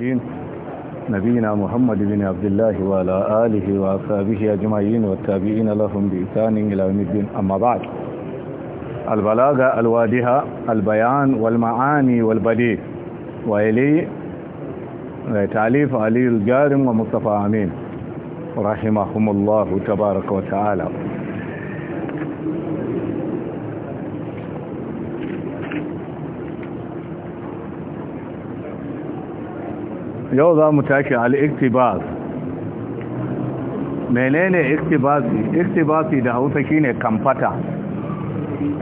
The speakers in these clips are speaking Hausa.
المرسلين نبينا محمد بن عبد الله وعلى آله وأصحابه أجمعين والتابعين لهم بإحسان إلى يوم الدين أما بعد البلاغة الوادهة البيان والمعاني والبديع وإلي تعليف علي الجارم ومصطفى أمين رحمهم الله تبارك وتعالى yau za mu tashi al'iktibas menene iktibasi iktibasi da hausa shine kamfata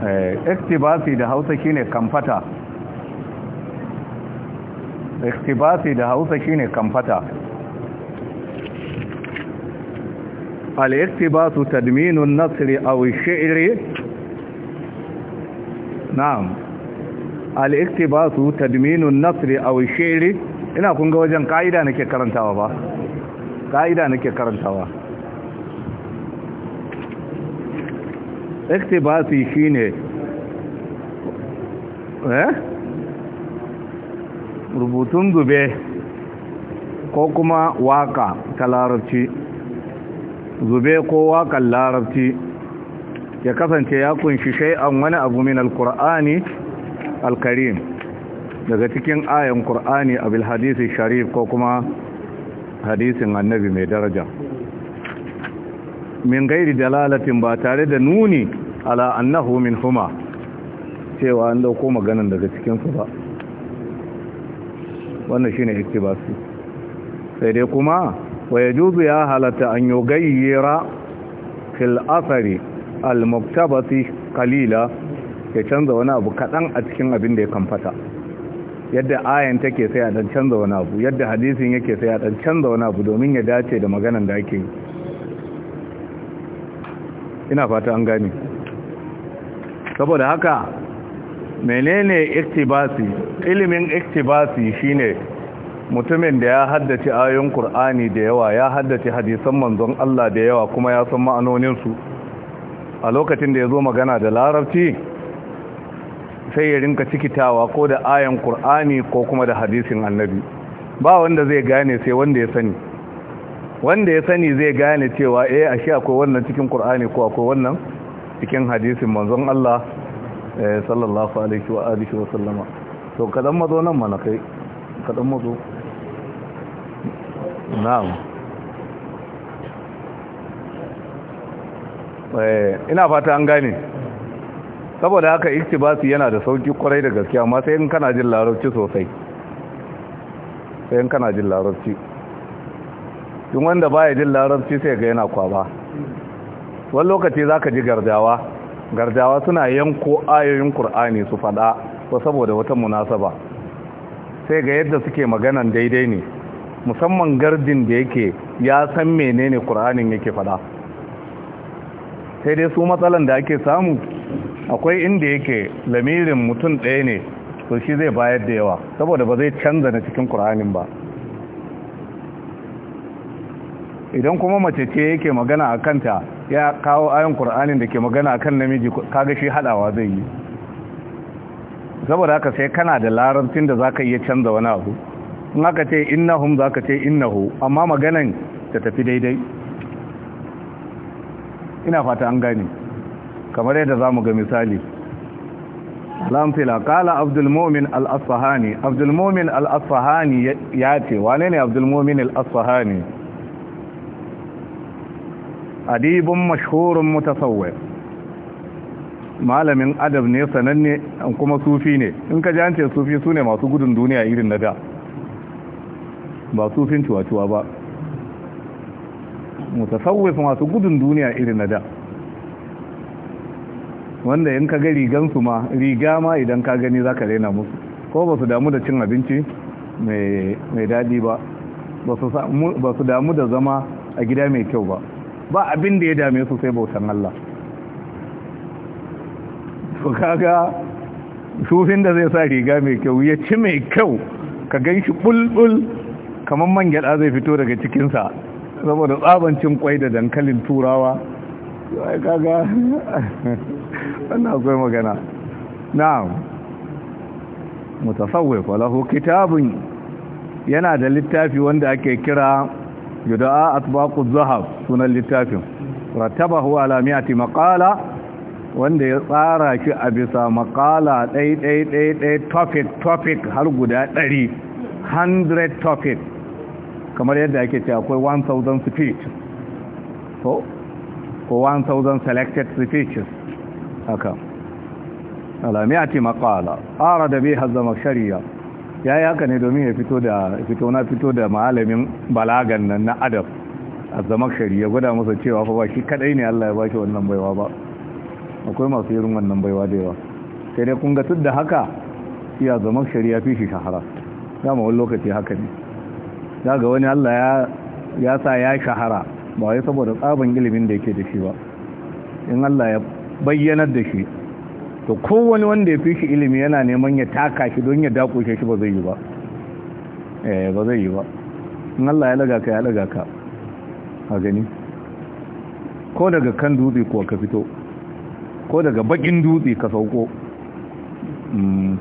eh, iktibasi da hausa shine kamfata iktibasi da hausa shine kamfata al-iktibasu tadminu an-nasri aw ash-shi'ri na'am al-iktibasu tadminu an-nasri Iri. ina kun ga wajen ka'ida nake karantawa ba ka'ida nake karantawa iktibasi shine eh rubutun zube ko kuma waka ta larabci zube ko wakan larabci ya kasance ya kunshi shai'an wani abu min alkur'ani alkarim daga cikin ayan Kur'ani abil hadisi sharif ko kuma hadisin annabi mai daraja min gairi dalalatin ba tare da nuni ala annahu min huma cewa an dauko maganan daga cikinsu ba wannan shine iktibasi sai dai kuma wa yajuzu ya halatta an gayyera fil asari al muktabati kalila ya canza wani abu kaɗan a cikin abin da ya kamfata yadda ayan take sai a dan canza wani abu yadda hadisin yake sai a dan canza wani abu domin ya dace da maganan da ake yi ina fata an gane saboda haka menene iktibasi ilimin iktibasi shine mutumin da ya haddace ayoyin Kur'ani da yawa ya haddace hadisan manzon Allah da yawa kuma ya san ma'anoninsu a lokacin da ya zo magana da larabci sai ya rinka cikitawa ko da ayan kur'ani ko kuma da hadisin annabi ba wanda zai gane sai wanda ya sani wanda ya sani zai gane cewa eh ashe akwai wannan cikin kur'ani ko akwai wannan cikin hadisin manzon Allah eh, sallallahu alaihi wa alihi wa sallama to kadan mazo nan mana kai kadan mazo na'am eh ina fata an gane saboda haka iktibasi yana da sauki kwarai da gaskiya amma sai in kana jin larabci sosai sai in kana jin larabci tun wanda baya jin larabci sai ga yana kwaba wani lokaci za ka ji gardawa gardawa suna yanko ayoyin kur'ani su faɗa Ba saboda wata munasaba sai ga yadda suke maganan daidai ne musamman gardin da yake ya san menene kur'anin yake faɗa sai dai su matsalan da ake samu akwai inda yake lamirin mutum ɗaya ne to shi zai bayar da yawa saboda ba zai canza na cikin ƙur'anin ba idan kuma mace ce yake magana a kanta ya kawo ayon ƙur'anin da ke magana a kan namiji kaga shi haɗawa zai yi saboda haka sai kana da larabcin da za ka iya canza wani abu in aka ce innahum za ka ce innahu amma maganan ta tafi daidai ina fata an gani kamar yadda za mu ga misali lamfila kala abdulmomin al'asfahani abdulmomin al'asfahani ya ce wane ne abdulmomin al'asfahani adibin mashhurin mutasawwai malamin adab ne sananne kuma sufi ne in ka jance sufi su ne masu gudun duniya irin na da ba sufin cuwa-cuwa ba su masu gudun duniya irin na da wanda in ka ga rigansu ma riga ma idan ka gani za ka rena musu ko ba su damu da cin abinci mai daɗi ba ba su damu da zama a gida mai kyau ba ba abin da ya dame su sai bautan Allah su kaga shufin da zai sa riga mai kyau ya ci mai kyau ka gan shi bulbul kamar man gyada zai fito daga cikinsa saboda tsabancin kwai da dankalin turawa kaga wannan akwai magana na'am mutasawwif falahu. kitabun yana da littafi wanda ake kira yuda'a atbaqu zahab sunan littafin rattabahu ala mi'ati maqala wanda ya tsara shi a bisa maƙala, dai dai dai dai topic topic har guda ɗari, 100 topic kamar yadda ake ce akwai 1000 speech ko ko 1000 selected speeches haka alamiyyati maqala arada biha ya yayi haka ne domin ya fito da fito na fito da malamin balagan nan na adab azamakhshari shari'a. gwada masa cewa fa ba shi kadai ne Allah ya bashi wannan baiwa ba akwai masu irin wannan baiwa da yawa sai dai kun ga tudda haka iya zamakhshari shari'a fi shi shahara ma wani lokaci haka ne daga wani Allah ya ya sa ya shahara ba wai saboda tsaban ilimin da yake da shi ba in Allah ya bayyanar da shi to kowane wanda ya fi shi ilimi yana neman ya taka shi don ya dakushe shi ba zai yi ba eh ba zai yi ba in Allah ya laga ka ya laga ka a gani ko daga kan dutse kuwa ka fito ko daga bakin dutse ka sauko hmm.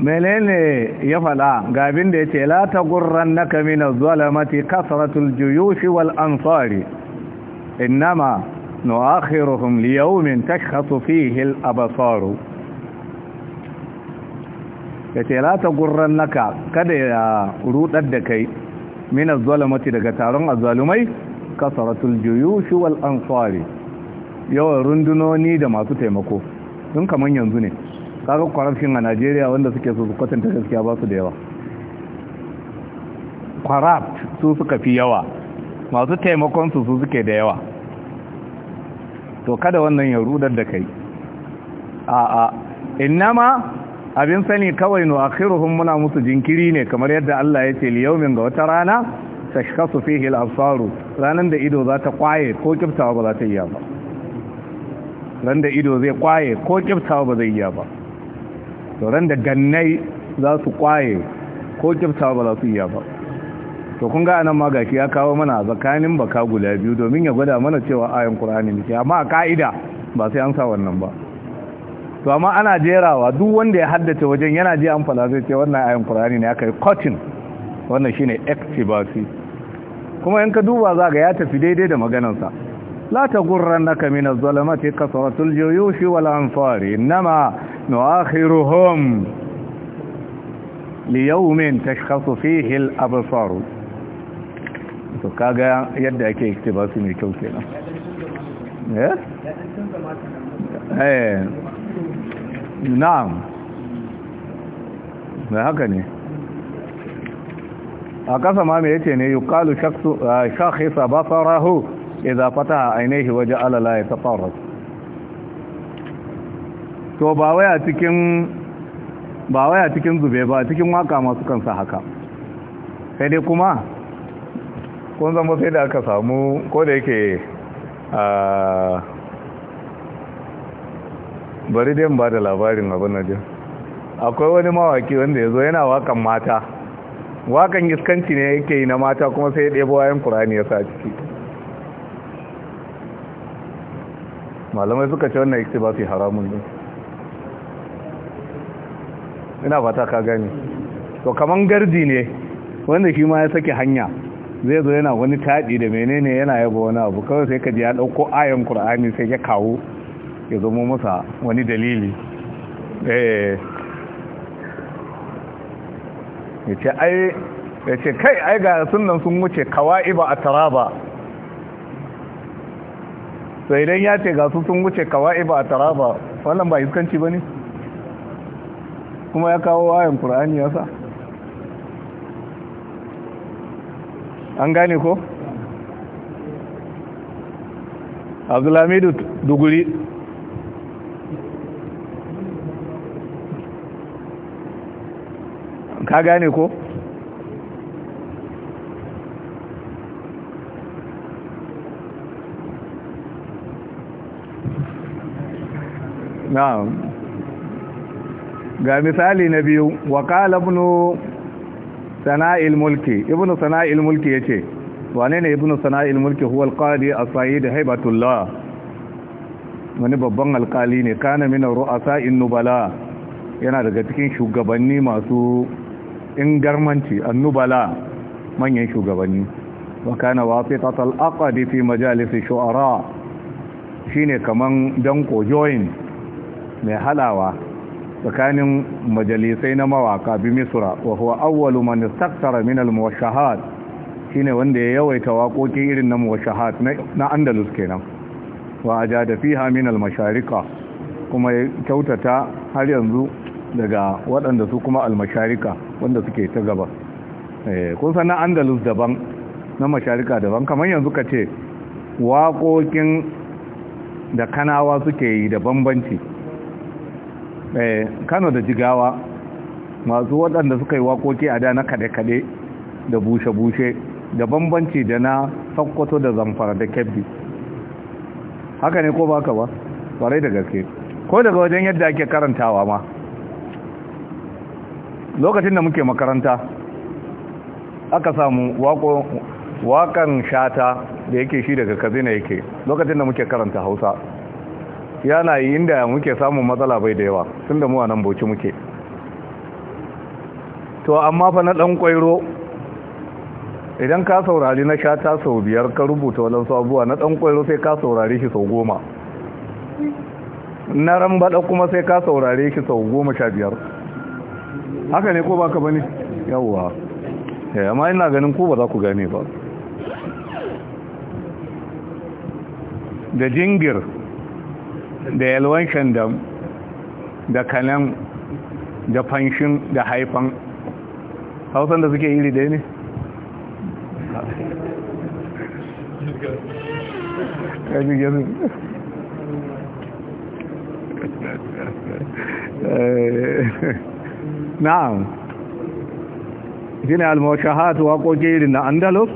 menene ya fada ga abin da ya ce la ta gurran na mina zuwa lamati kasaratul juyushi wal ansari innama nu'akhiruhum liyawmin takhatu fihi al-absar yace la tagurrannaka kada ya ruɗar da kai min az-zalamati daga taron azzalumai kasaratul juyush wal ansari yawan rundunoni da masu taimako sun kaman yanzu ne kaga corruption a Najeriya wanda suke so su kwatanta gaskiya basu su da yawa corrupt su suka fi yawa masu taimakon su suke da yawa to kada wannan ya rudar da kai a'a innama abin sani kawai no akhiruhum muna musu jinkiri ne kamar yadda Allah ya ce liyawmin ga wata rana tashkasu fihi al-absaru ranan da ido za ta kwaye ko kiftawa ba za ta iya ba ran da ido zai kwaye ko kiftawa ba zai iya ba to ran da gannai za su kwaye ko kiftawa ba za su iya ba to kun ga anan ma ya kawo mana zakanin baka guda biyu domin ya gwada mana cewa ayan qur'ani ne amma ka'ida ba sai an sa wannan ba to amma ana jerawa duk wanda ya haddace wajen yana ji an fala sai ce wannan ayan qur'ani ne aka yi cotton wannan shine ektibasi kuma in ka duba za ya tafi daidai da maganarsa la taghurrannaka min az-zalamati kasratul juyush wal anfari inma nu'akhiruhum ليوم تشخص فيه الأبصار to kaga yadda ake ikti ba su mai kyau kenan eh? eh na'am da haka ne a kasa ma mai yace ne yuqalu shakhsu ah, shakhisa basarahu fata fataha ainihi waje alala ya tafarras to ba waya cikin ba waya cikin zube ba cikin waka masu kansa haka sai dai kuma kun zama sai da aka samu ko da yake a bari dai ba da labarin abin na jin akwai wani mawaki wanda ya zo yana wakan mata wakan iskanci ne yake yi na mata kuma sai ya ɗebo wayan kurani ya sa ciki malamai suka ce wannan ikti ba su haramun ne ina fata ka gani to kaman gardi ne wanda shi ma ya sake hanya zai zo yana wani taɗi da menene yana yaba wani abu kawai sai ka ji ya ɗauko ayan kur'ani sai ya kawo ya zama masa wani dalili eh. ya ce kai ai ga sunan sun wuce kawai ba a taraba sai idan ya ce ga su sun wuce kawai ba a taraba wannan ba iskanci ba ne kuma ya kawo ayan kur'ani ya sa an gane ko abdulhamidu duguri ka gane ko ga misali na biyu wa qala sana'il mulki ibnu sana'il mulki yace wane ne ibnu sana'il mulki huwa alqadi as sayyid haybatullah wani babban alkali ne kana min ru'asa'in nubala yana daga cikin shugabanni masu ingarmanci annubala manyan shugabanni wa kana al aqdi fi majalis shu'ara shine kaman dan join mai halawa tsakanin majalisai na mawaka bi misra wa huwa awwalu man istaktara min al muwashahat shine wanda ya yawaita waƙoƙi irin na muwashahat na andalus kenan wa ajada fiha min al masharika kuma ya kyautata har yanzu daga waɗanda su kuma al masharika wanda suke ta gaba eh, kun san na andalus daban na masharika daban kamar yanzu ka ce waƙoƙin da kanawa suke yi da bambanci Eh, kano da jigawa masu waɗanda suka yi waƙoƙi a da na kaɗe-kaɗe da bushe-bushe da bambanci da na sakwato da zamfara da kebbi haka ne ko ba ka ba ƙwarai da gaske ko daga wajen yadda ake karantawa ma lokacin da muke makaranta aka samu waƙon shata da yake shi daga kazina yake lokacin da muke karanta hausa yana yi inda muke samun matsala bai da yawa tun da muwanan nan boci muke to amma fa na ɗan ƙwairo idan ka saurari na sha ta sau biyar ka rubuta waɗansu abubuwa na ɗan ƙwairo sai ka saurari shi sau goma na baɗa kuma sai ka saurari shi sau goma sha biyar haka ne ko ba ka bane yawwa eh, amma ina ganin ko ba za ku gane ba da jingir da yalwan shandam da kanan da fanshin da haifan hausan da suke iri dai ne na'am shine almashahatu waƙoƙi irin na andalus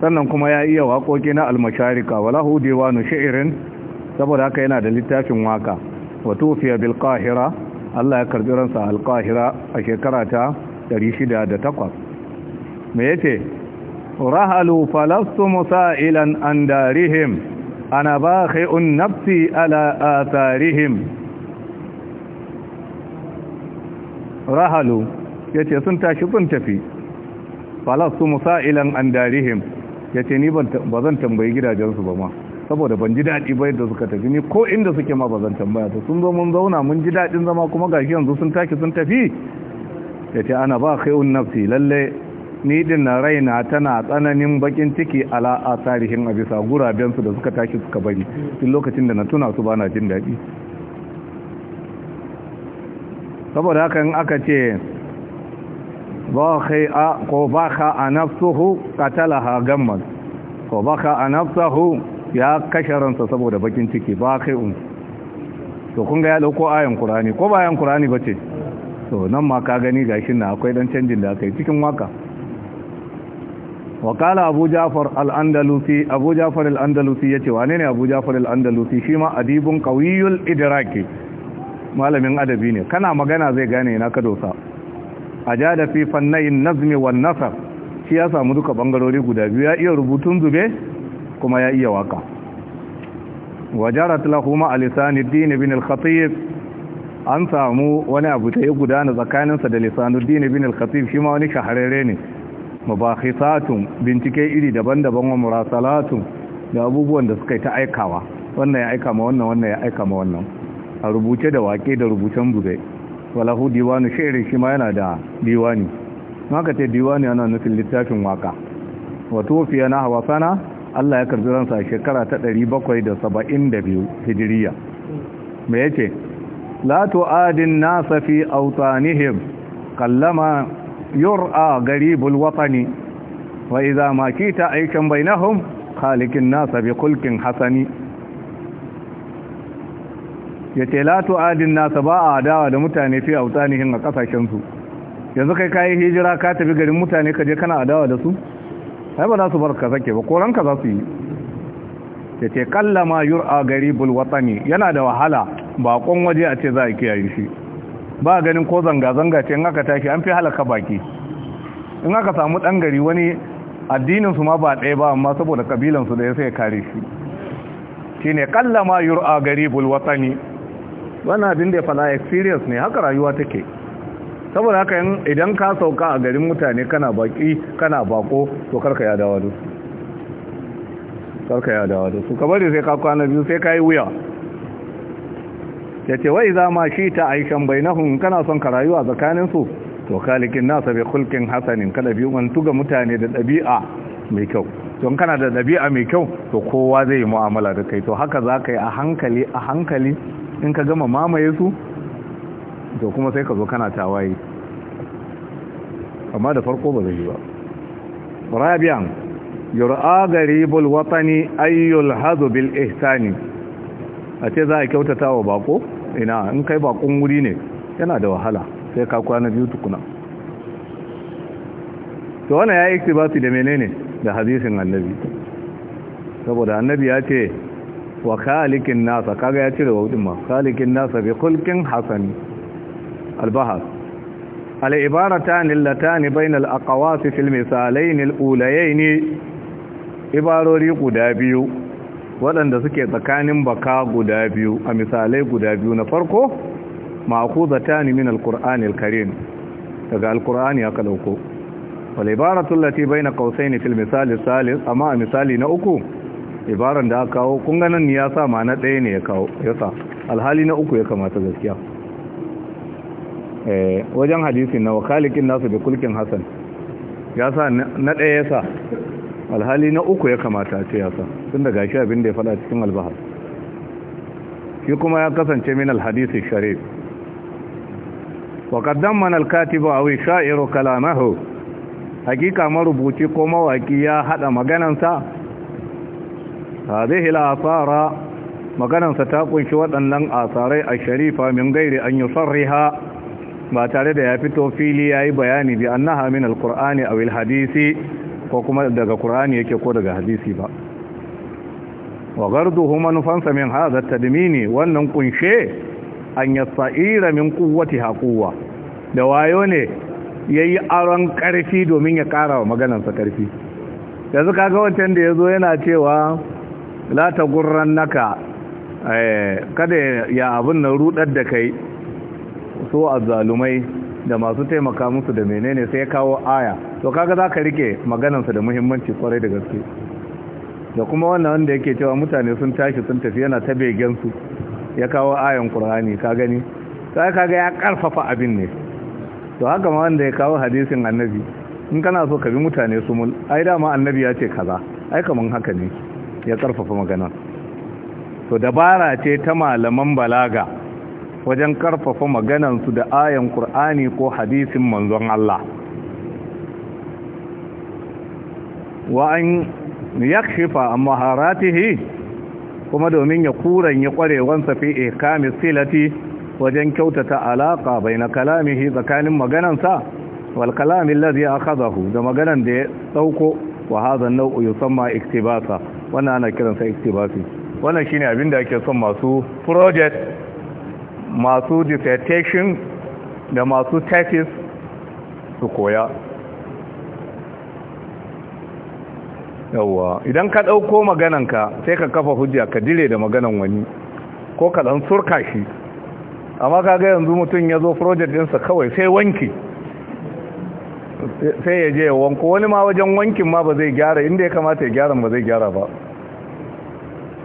sannan kuma ya iya waƙoƙi na almasharika. wala hudewa nu sha'irin saboda haka yana da littafin waka wa tufiya bil qahira Allah ya karbi ransa al qahira a shekara ta 608 me yace rahalu falastu musailan an darihim ana bakhi'un nafsi ala atharihim rahalu yace sun tashi sun tafi falastu musailan an darihim yace ni ban zan tambayi gidajensu ba ma saboda ban ji daɗi ba da suka tafi ni ko inda suke ma bazan tambaya ta sun zo mun zauna mun ji daɗin zama kuma gashi yanzu sun taki sun tafi ya ce ana ba khayun nafsi lalle ni din na raina tana tsananin bakin ciki ala a tarihin a bisa guraben su da suka taki suka bari tun lokacin da na tuna su bana jin daɗi saboda haka in aka ce ba khay'a ko ba kha qatalaha gamman ko ba ya kashe ransa saboda bakin ciki ba kai un to kun ga ya dauko ayan qur'ani ko ba ayan qur'ani bace to nan ma ka gani gashin na akwai dan canjin da aka yi cikin waka ja'far al-andalusi yace "Wanene ne abu ja'far al-andalusi shi ma adibun qawiyul idraki malamin adabi ne kana magana zai gane na ka a ja fi fannayin nazmi wan nasr shi ya samu duka bangarori guda biyu ya iya rubutun zube kuma ya iya waka wajarat lahuma a lisanuddin bin al-khatib an samu wani abu ta yi gudana tsakaninsa da lisanuddin bin al-khatib shi ma wani shahararre ne mubakhisatun bincike iri daban-daban wa murasalatun da abubuwan da suka yi ta aikawa wannan ya aika ma wannan wannan ya aika ma wannan a rubuce da wake da rubucen bugai walahu diwanu shi'ri shi ma yana da diwani maka ce diwani ana nufin littafin waka wato fiye na hawa sana Allah ya karbi ransa a shekara ta 772 hijiriya me yace la tu'adin nasa fi awtanihim kallama yur'a garibul watani wa idha ma kita aikan bainahum Halikin nasa bi kulkin hasani yace la tu'adin nasa ba a adawa da mutane fi awtanihim a kasashen su yanzu kai kai hijira ka tafi garin mutane ka je kana adawa da su sai ba za su bar ka sake ba ranka za su yi ya ce kallama yur'a garibul watani yana da wahala bakon waje a ce za a kiyaye shi ba ganin ko zanga-zanga ce in aka tashi an fi halaka baki in aka samu ɗan gari wani addininsu ma ba ɗaya ba amma saboda su da ya sai kare shi shi ne kallama yur'a garibul watani wani abin da ya fala experience ne haka rayuwa take saboda haka idan ka sauka a garin mutane kana baki kana bako to karka ya dawo dusu karka ya dawo dusu ka bari sai ka kwana biyu sai ka yi wuya ya ce wai za ma shi ta aishan bainahun kana son ka rayuwa tsakaninsu to kalikin nasa bai kulkin hasanin kada biyu an tuga mutane da ɗabi'a mai kyau don kana da ɗabi'a mai kyau to kowa zai yi mu'amala da kai to haka za ka yi a hankali a hankali in ka gama mamaye su to kuma sai ka zo kana tawaye amma da farko ba zai yi ba rabian yur'a garibul watani ayyul hadu bil ihsani a ce za a kyautata wa bako ina in kai bakon wuri ne yana da wahala sai ka kwana biyu tukuna to wannan yayi iktibasi da menene da hadisin annabi saboda annabi ya ce wa kalikin nasa kaga ya cire wa ma kalikin nasa bi khulqin hasani البحث العبارتان اللتان بين الأقواس في المثالين الأوليين ibarori guda biyu waɗanda suke tsakanin baka guda biyu a misalai guda biyu na farko ma'khuzatani min alqur'ani alkarim daga alqur'ani aka dauko wal ibaratu allati baina qausaini fil misal salis amma a misali na uku ibaran da aka kawo kun ganin ya sa ma ɗaya ne ya kawo alhali na uku ya kamata gaskiya Eh, wajen hadisin na wakalikin nasu da kulkin Hassan ya sa na ɗaya ya alhali na uku ya kamata a ce ya sa tun daga shi abin da ya fada cikin albahar shi kuma ya kasance min alhadisi sharif wa qaddamana a wai sha'iru kalamahu hakika marubuci ko mawaki ya haɗa maganansa zai al asara. maganansa ta kunshi waɗannan asarai a sharifa min gairi an yusarriha ba tare da ya fito fili ya yi bayani bi naha min alkur'ani a hadisi ko kuma daga kur'ani yake ko daga hadisi ba wa hu manufansa min ta tadmini wannan kunshe an sa'ira min kuwati haƙuwa da wayo ne ya yi aron ƙarfi domin ya ƙara wa maganarsa ƙarfi. yanzu kaga wancan da ya zo yana cewa la gurran naka, eh, kada ya abin na rudar da kai su azzalumai da masu taimaka musu da menene sai ya kawo aya to kaga zaka rike maganarsa da muhimmanci kwarai da gaske da kuma wannan wanda yake cewa mutane sun tashi sun tafi yana ta begen su ya kawo ayan Qur'ani ka gani sai kaga ya karfafa abin ne to haka ma wanda ya kawo hadisin annabi in kana so ka bi mutane su mul ai dama annabi ya ce kaza ai kaman haka ne ya karfafa magana to dabara ce ta malaman balaga wajen karfafa maganansu da ayan Kur'ani ko hadisin manzon Allah wa an yakshifa maharatihi kuma domin ya kuran ya kwarewansa fi ikami silati wajen kyautata alaƙa bai na kalamihi tsakanin maganansa wal kalamin a kazahu da maganan da ya dauko wa hadha an-naw'u yusamma iktibasa wannan ana kiransa iktibasi wannan shine abin da ake son masu project masu dissertation da masu thesis su koya yawwa idan ka ɗauko magananka sai ka kafa hujja ka dire da maganan wani ko ka ɗan surka shi amma kaga yanzu mutum ya zo project kawai sai wanki sai ya je ya wanko wani ma wajen wankin ma ba zai gyara inda ya kamata ya gyara ba zai gyara ba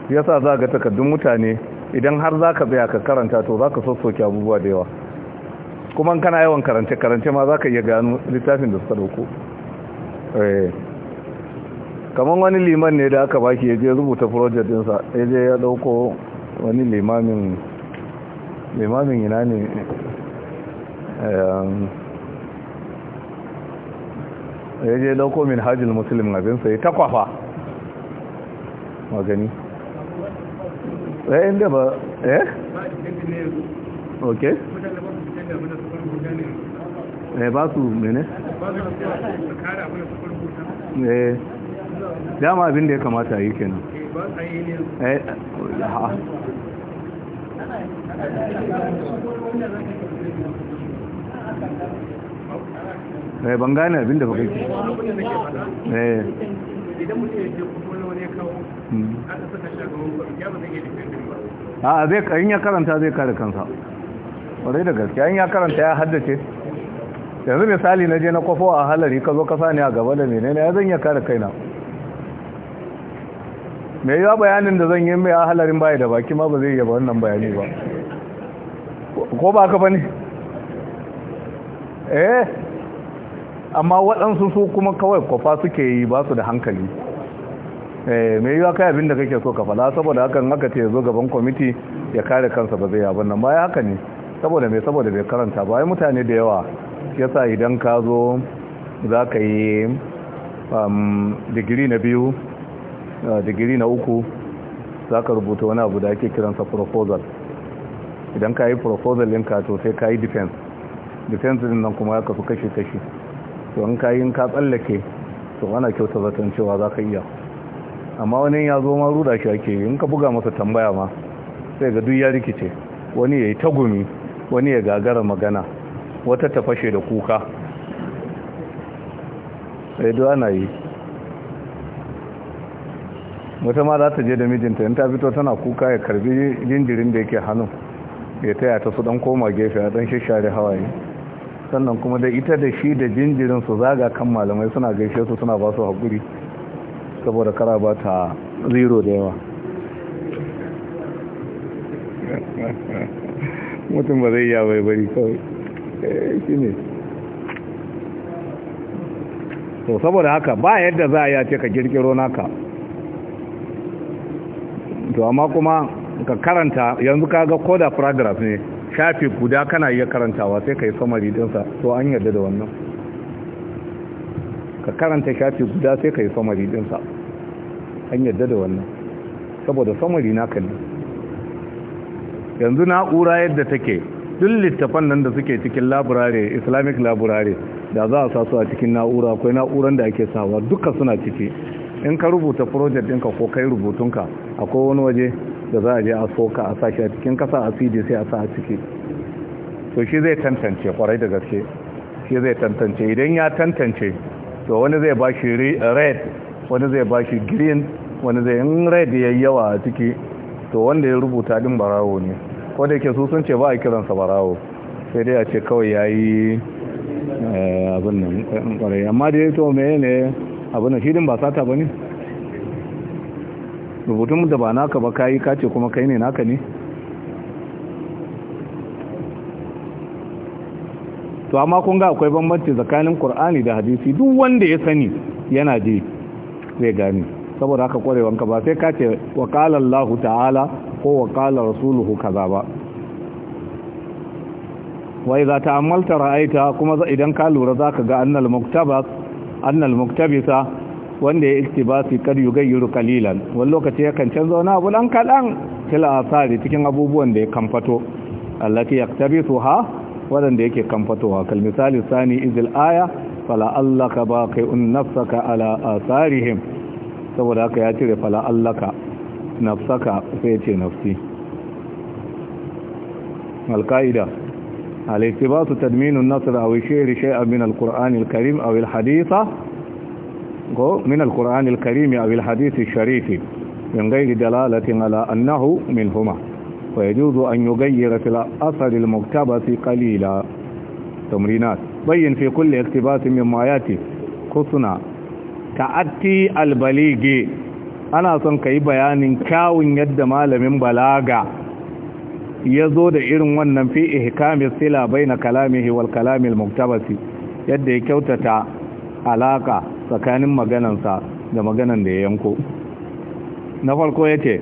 yasa za ga takaddun mutane idan har za ka tsaya ka karanta to za ka sassoke abubuwa da yawa kuma kana yawan karance-karance ma za ka iya gano littafin da suka dauko eh. kamar wani liman ne da aka baki ya je rubuta project dinsa ya je ya dauko wani limamin limamin yana ne ehm. ya je dauko min hajjil musulun abinsa ya takwafa magani eh inda ba eh okay eh ba su mene eh dama abin da ya kamata yi kenan eh ha eh ban gane abin da ba kai eh a zai in ya karanta zai kare kansa kwarai da gaske in ya karanta ya haddace yanzu misali na je na kwafo a halari ka zo ka sani a gaba da menene ya zan ya kare kaina me wa bayanin da zan yi mai a halarin bayi da baki ma ba zai yaba wannan bayani ba ko ba ka bane eh amma waɗansu su kuma kawai kwafa suke yi ba su da hankali Eh, mai yiwa kai abin da kake so ka fada saboda hakan haka ce zo gaban kwamiti ya kare kansa ba zai abin nan baya haka ne saboda mai saboda bai karanta ba mutane da yawa yasa idan ka zo za ka yi um, digiri na biyu uh, digiri na uku za ka rubuta wani abu da ake kiransa proposal idan ka yi proposal ɗinka to sai ka yi defense defense ɗin nan kuma ya kasu kashi-kashi to in ka yi ka tsallake to ana kyauta zaton cewa za ka iya amma wani ya zo maru da shi ake in ka buga masa tambaya ma sai ga duk ya rikice wani ya yi tagumi wani ya gagara magana wata ta fashe da kuka sai duwa ana yi wata ma za ta je da mijinta in ta fito tana kuka ya karbi jinjirin da yake hannu ya taya ta su dan koma gefe a dan shishare hawaye sannan kuma da ita da shi da jinjirin su zaga kan malamai suna gaishe su suna ba su haƙuri saboda kara ba ta zero da yawa mutum ba zai iya bai bari kawai eh, shi ne to saboda haka ba yadda za a yace ka kirkiro naka to amma kuma ka karanta yanzu ka ga koda paragraph ne shafi guda kana iya karantawa sai ka yi samari dinsa to an yadda da wannan ka karanta shafi guda sai ka yi samari dinsa an yadda da wannan saboda samari na kalli yanzu na'ura yadda take duk littafan nan da suke cikin laburare islamic laburare da za a sasu a cikin na'ura akwai na'uran da ake sawa duka suna ciki in ka rubuta project ɗinka ko kai rubutunka akwai wani waje da za a je a soka a sashi a cikin kasa a cd sai a sa a ciki to shi zai tantance kwarai da gaske shi zai tantance idan ya tantance to wani zai ba shi red wani zai baki green wani zai yin red ya yawa a ciki to wanda ya rubuta din barawo ne ko da yake su sun ce ba a kiransa barawo sai dai a ce kawai ya yi eh, abin nan kwarai amma da ya to mai ne abin nan shi din ba sata ba ne rubutun da ba naka ba kayi kace kuma kai ne naka ne to amma kun ga akwai bambanci tsakanin Kur'ani da hadisi duk wanda ya sani yana je zai gani saboda haka kwarewanka ba sai ka ce wa Allah ta'ala ko wa qala rasuluhu kaza ba wa idza ta'amalta ra'aita kuma idan ka lura zaka ga annal muktabas annal muktabisa wanda ya iktibasi kad yugayyiru qalilan wani lokaci yakan canza wani abu dan kadan kila asari cikin abubuwan da ya kamfato allati yaktabisuha wadanda yake kamfatowa kal misali sani izil aya فلعلك ba نفسك على آثارهم ala asarihim saboda haka ya cire fala'allaka nafsaka sai ce nafsi تدمين النصر أو الشعر شيئا من القرآن الكريم أو الحديث من القرآن الكريم أو الحديث الشريف من غير دلالة على أنه منهما ويجوز أن يغير في الأثر المقتبس قليلا تمرينات bayyin fi kulli iktibasin min mayati kusuna ta'atti albalige ana son ka yi bayanin kyawun yadda malamin balaga ya zo da irin wannan fi ihkamis sila baina kalamihi wal kalamil muktabasi yadda ya kyautata alaka tsakanin maganansa da maganan da ya yanko na farko yace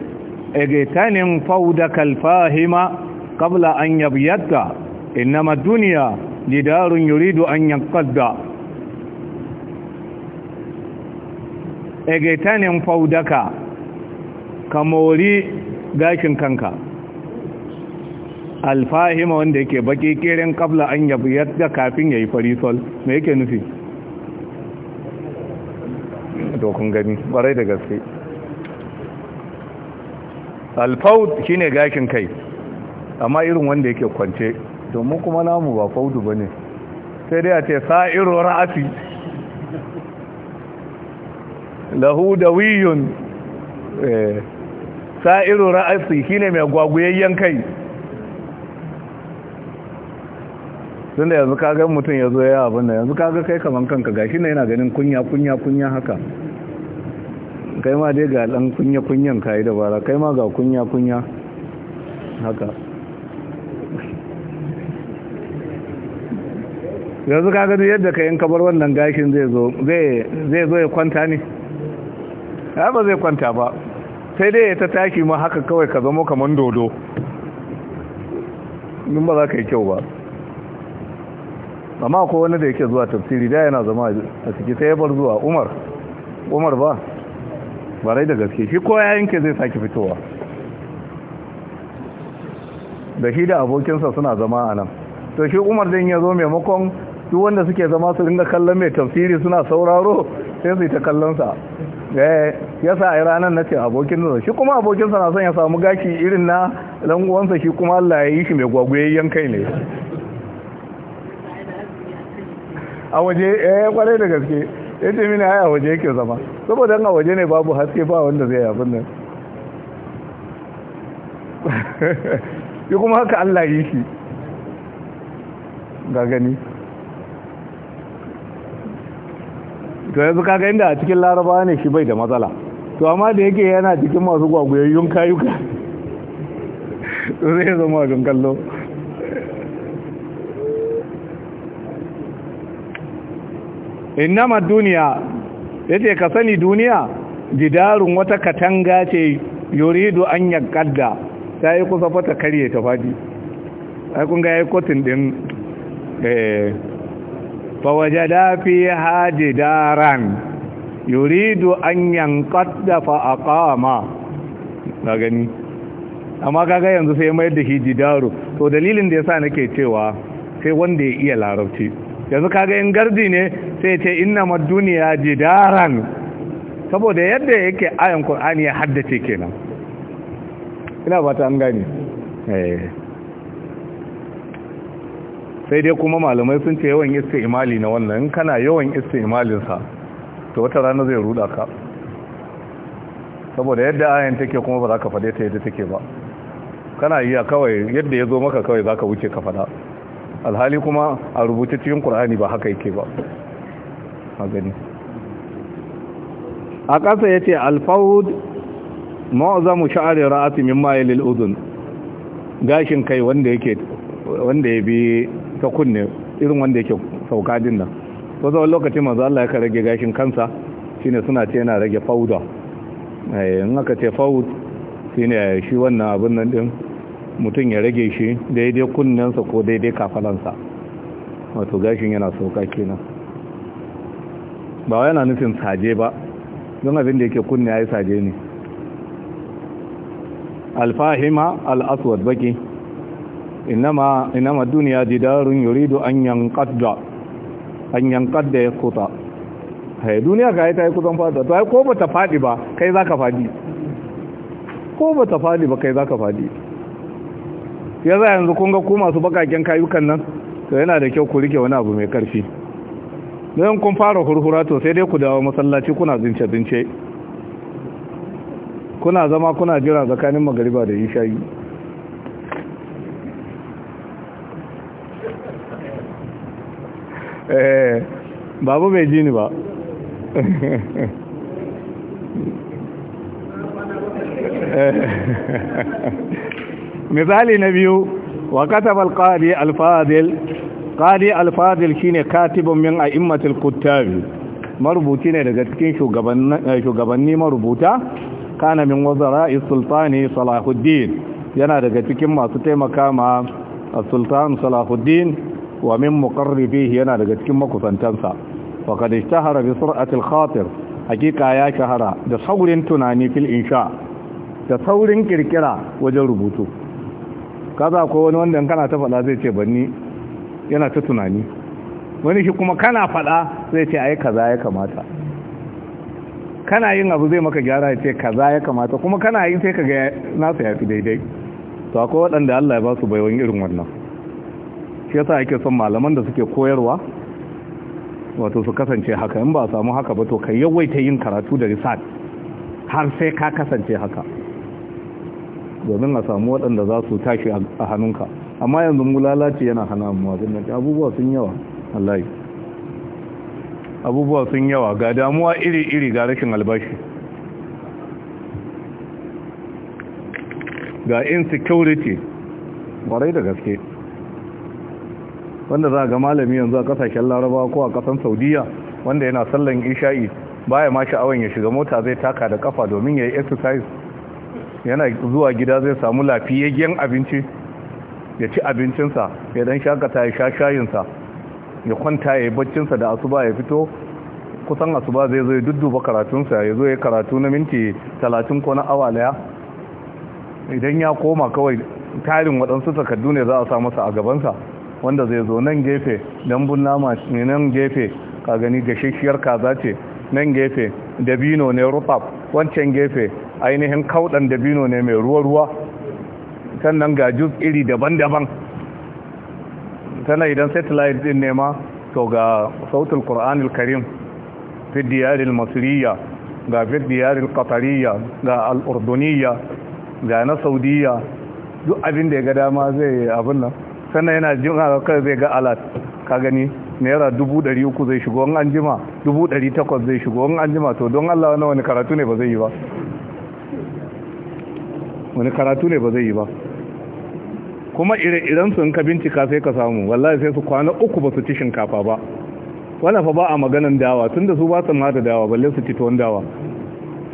egetanin fauda kalfahima kabla an inna ma duniya jidarun yuridu an yanqadda egetanin faudaka ka mori gashin kanka alfahima wanda yake baki kirin kabla an yabu yadda kafin ya yayi farisol me yake nufi to gani barai da gaske alfaud shine gashin kai amma irin wanda yake kwance domin mu kuma namu ba faudu ba ne sai dai a ce sa'iru ra'asi lahu da wiyun eh, sa'iru ra'asi shine mai gwagwayayyen kai sun da yanzu kagan mutum ya zo ya abin da yanzu kaga kai kaman kanka shi na yana ganin kunya kunya kunya haka kai ma dai ga ɗan kunya kunyan kayi dabara kai ma ga kunya kunya haka yanzu ka gani yadda ka yin kabar wannan gashin zai zo zai zo ya kwanta ne ya ba zai kwanta ba sai dai ya ta taki ma haka kawai ka zama kamar dodo in ba za ka yi kyau ba amma ko wani da yake zuwa tafsiri da yana zama a ciki sai ya bar zuwa umar umar ba barai da gaske shi ko yayinke zai sake fitowa da shi da abokinsa suna zama a nan to shi umar din ya zo maimakon duk wanda suke zama su dinga kallon mai tafsiri suna sauraro sai su yi ta kallonsa. Eh, ya sa a yi ranar na ce abokin nuna shi kuma abokinsa na son ya samu gashi irin na languwansa shi kuma Allah ya yi shi mai gwagwayayyen kai ne a waje ya eh, kwarai da gaske ya ce mini ai a waje yake zama saboda a waje ne babu haske ba wanda zai yabin nan shi kuma haka Allah yi shi ga gani to yanzu kaga inda a cikin larabawa ne shi bai da matsala to amma da yake yana cikin masu gwagwayayyun kayuka zai zama abin kallo innama duniya ya ce ka sani duniya jidarun wata katanga ce yuridu an yankadda ta yi kusa fata karye ta fadi aikun ga ya yi kotun din eh, فوجدا فيها جدارا يريد أن ينقض فأقام gani amma kaga yanzu sai mai da shi jidaru to dalilin da yasa nake cewa sai wanda ya iya larabci yanzu kaga in gardi ne sai ce inna madduniya jidaran saboda yadda yake ayan qur'ani ya haddace kenan ina ba ta an gane eh sai dai kuma malamai sun ce yawan imali na wannan kana yawan iska sa to wata rana zai ruda ka saboda yadda ayan take kuma ba za ka fade ta yadda take ba kana iya kawai yadda ya zo maka kawai za ka wuce ka fada alhali kuma a rubuta cikin ƙur'ani ba haka yake ba a gani a ƙasa ya ce alfahud ma'azamu sha'ari ra'ati min mayalil uzun gashin kai wanda yake wanda ya bi ta kunne irin wanda yake sauka din nan to zo lokacin manzo Allah ya rage gashin kansa shine suna ce yana rage fauda eh in aka ce faud shine shi wannan abin nan din mutum ya rage shi daidai sa ko daidai sa wato gashin yana sauka kenan ba yana nufin saje ba don abin da yake kunne ya yi saje ne alfahima al-aswad baki inama inama duniya jidarun yuridu an yanqadda an yanqadda ya kuta hai duniya ga ita kusan fada to ai ko bata fadi ba kai zaka fadi ko bata fadi ba kai zaka fadi yaza yanzu kun ga ku masu bakaken kayukan nan to yana da kyau ku rike wani abu mai karfi don kun fara hurhura to sai dai ku dawo masallaci kuna zince zince kuna zama kuna jira tsakanin magariba da shayi. Eh, babu bai ji ni ba eh, misali na biyu wa katabal qadi al-fadil qadi al-fadil shine katibun min a'immatil kuttabi marubuci ne daga cikin eh, shugabanni marubuta kana min wazara'i sultani salahuddin yana daga cikin masu taimaka ma sultan salahuddin wa min muqarribihi yana daga cikin makusantansa wa kad ishtahara bi sur'ati al-khatir hakika ya shahara da saurin tunani fil insha da saurin kirkira wajen rubutu kaza ko wani wanda kana ta fada zai ce banni yana ta tunani wani shi kuma kana fada zai ce ai kaza ya kamata kana yin abu zai maka gyara ya ce kaza ya kamata kuma kana yin sai kaga nasa yafi daidai to akwai waɗanda Allah ya ba su wani irin wannan shi yasa ake son malaman da suke koyarwa wato su kasance haka in ba a samu haka ba to kai yawaita yin karatu da risal har sai ka kasance haka domin a samu waɗanda za su tashi a hannunka amma yanzu mu lalace yana hana mu wajen abubuwa sun yawa Allah abubuwa sun yawa ga damuwa iri-iri ga rashin albashi ga insecurity ƙwarai da gaske wanda za ga malami yanzu a kasashen laraba ko a kasan saudiya wanda yana sallan isha'i baya ma sha'awan ya shiga mota zai taka da kafa domin ya yi exercise yana zuwa gida zai samu lafiyayyen abinci ya ci abincinsa ya dan shakata ya sha shayinsa ya kwanta ya yi baccinsa da asuba ya fito kusan asuba zai zo ya dudduba karatunsa ya zo ya karatu na minti talatin ko na awa daya idan ya koma kawai tarin waɗansu takardu ne za a sa masa a gabansa wanda zai zo nan gefe dambun nama ne nan gefe ka gani gashishiyar kaza ce nan gefe dabino ne rufaf wancan gefe ainihin kaudan dabino ne mai ruwa-ruwa sannan ga jus iri daban-daban tana idan satellite din ne ma to ga sautul kuran karim fi diyaril masriya ga fi diyaril ga al ga na saudiya duk abin da ya ga dama zai abin nan sannan yana jima kai zai ga alat ka gani naira dubu dari uku zai shigo in an jima dubu dari takwas zai shigo in an jima to don allah wani wani karatu ne ba zai yi ba wani karatu ne ba zai yi ba kuma ire-iren su in ka bincika sai ka samu wallahi sai su kwana uku ba su ci shinkafa ba wani fa ba a maganin dawa tunda su ba su ma da dawa balle su ci tuwon dawa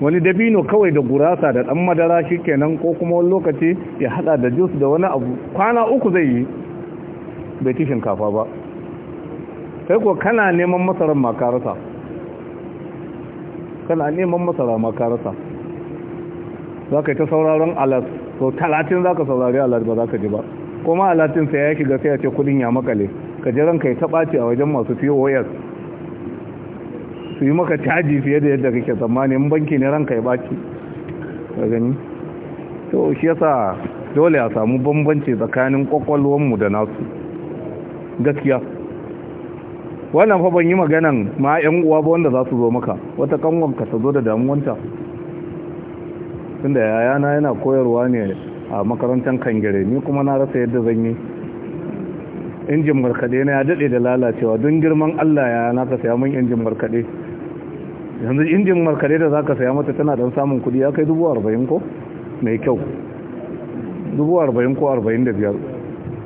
wani dabino kawai da gurasa da dan madara shikenan ko kuma wani lokaci ya hada da jus da wani abu kwana uku zai yi bai tishin kafa ba sai ko kana neman masarar makarata kana neman masara makarata za ka yi ta sauraron alas so talatin za ka saurari alas ba za ka ji ba kuma alatin sai ya shiga sai ya ce kudin ya makale ka ji ranka ya taɓaci a wajen masu pos su yi maka caji fiye da yadda kake tsammani in banki ne ranka ya baci ka gani to shi yasa dole a samu bambanci tsakanin kwakwalwanmu da nasu gaskiya wannan fa ban yi maganan ma yan uwa ba wanda za su zo maka wata kanwanka ta zo da damuwanta tunda yayana yana koyarwa ne a makarantar kangare ni kuma na rasa yadda zan yi injin markaɗe na ya daɗe da lalacewa don girman allah ya na ka saya min injin markaɗe yanzu injin markaɗe da za ka saya mata tana don samun kuɗi ya kai dubu arba'in ko mai kyau dubu arba'in ko arba'in da biyar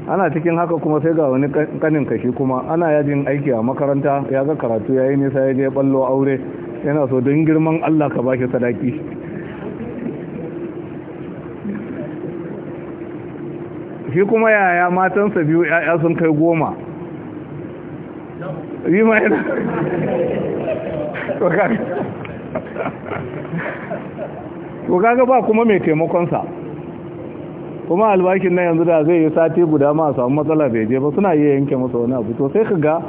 ana cikin haka kuma sai ga wani kanin kashi kuma ana yajin aiki a makaranta ya ga karatu ya yi nisa ya je ballo aure yana so don girman allah ka bashi sadaki shi kuma yaya matansa biyu ya'ya sun kai goma yi ma yana ba kuma mai taimakonsa kuma albakin na yanzu da zai yi sati guda ma a samu matsala bai je ba suna iya yanke masa wani abu to sai ka ga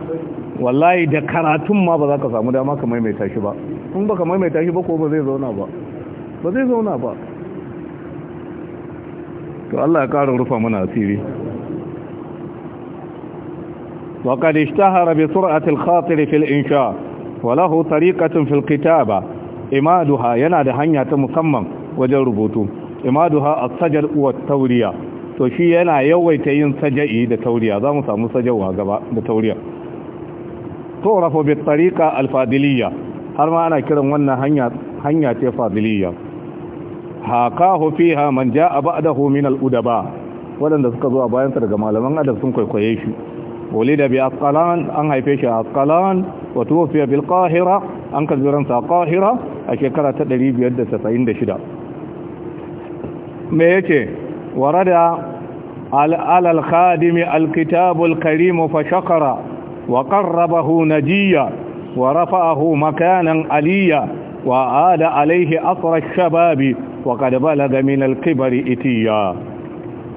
wallahi da karatun ma ba za ka samu dama ka maimaita shi ba in ba ka maimaita shi ba ko ba zai zauna ba ba zai zauna ba to Allah ya ƙara rufa mana asiri al-insha wa lahu الخاطر fi al-kitaba imaduha yana da hanya ta musamman wajen rubutu. imaduha a sajar uwar tauriya to shi yana yawaita yin saja'i da tauriya za mu samu sajawa gaba da tauriya to rafo bi tariqa al har ma ana kiran wannan hanya hanya ce fadiliyya hakahu fiha man ja'a ba'dahu min al-udaba wadanda suka zo a bayan sa daga malaman adab sun kwaikwaye shi ولد بأسقلان أن هيفيش أسقلان وتوفي بالقاهرة a shekara ta قاهرة أشكرة تدريب يد ستين دشدا me yake warada al'alal khadimi alkitabul karimu fa shakara wa qarrabahu najiya wa rafa'ahu makanan aliya wa ada alaihi asra shababi wa qad balaga min alkibari itiya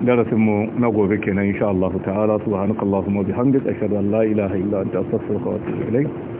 darasinmu na gobe kenan insha Allah ta'ala subhanakallahumma bihamdika ashhadu an la ilaha illa anta astaghfiruka wa atubu ilayk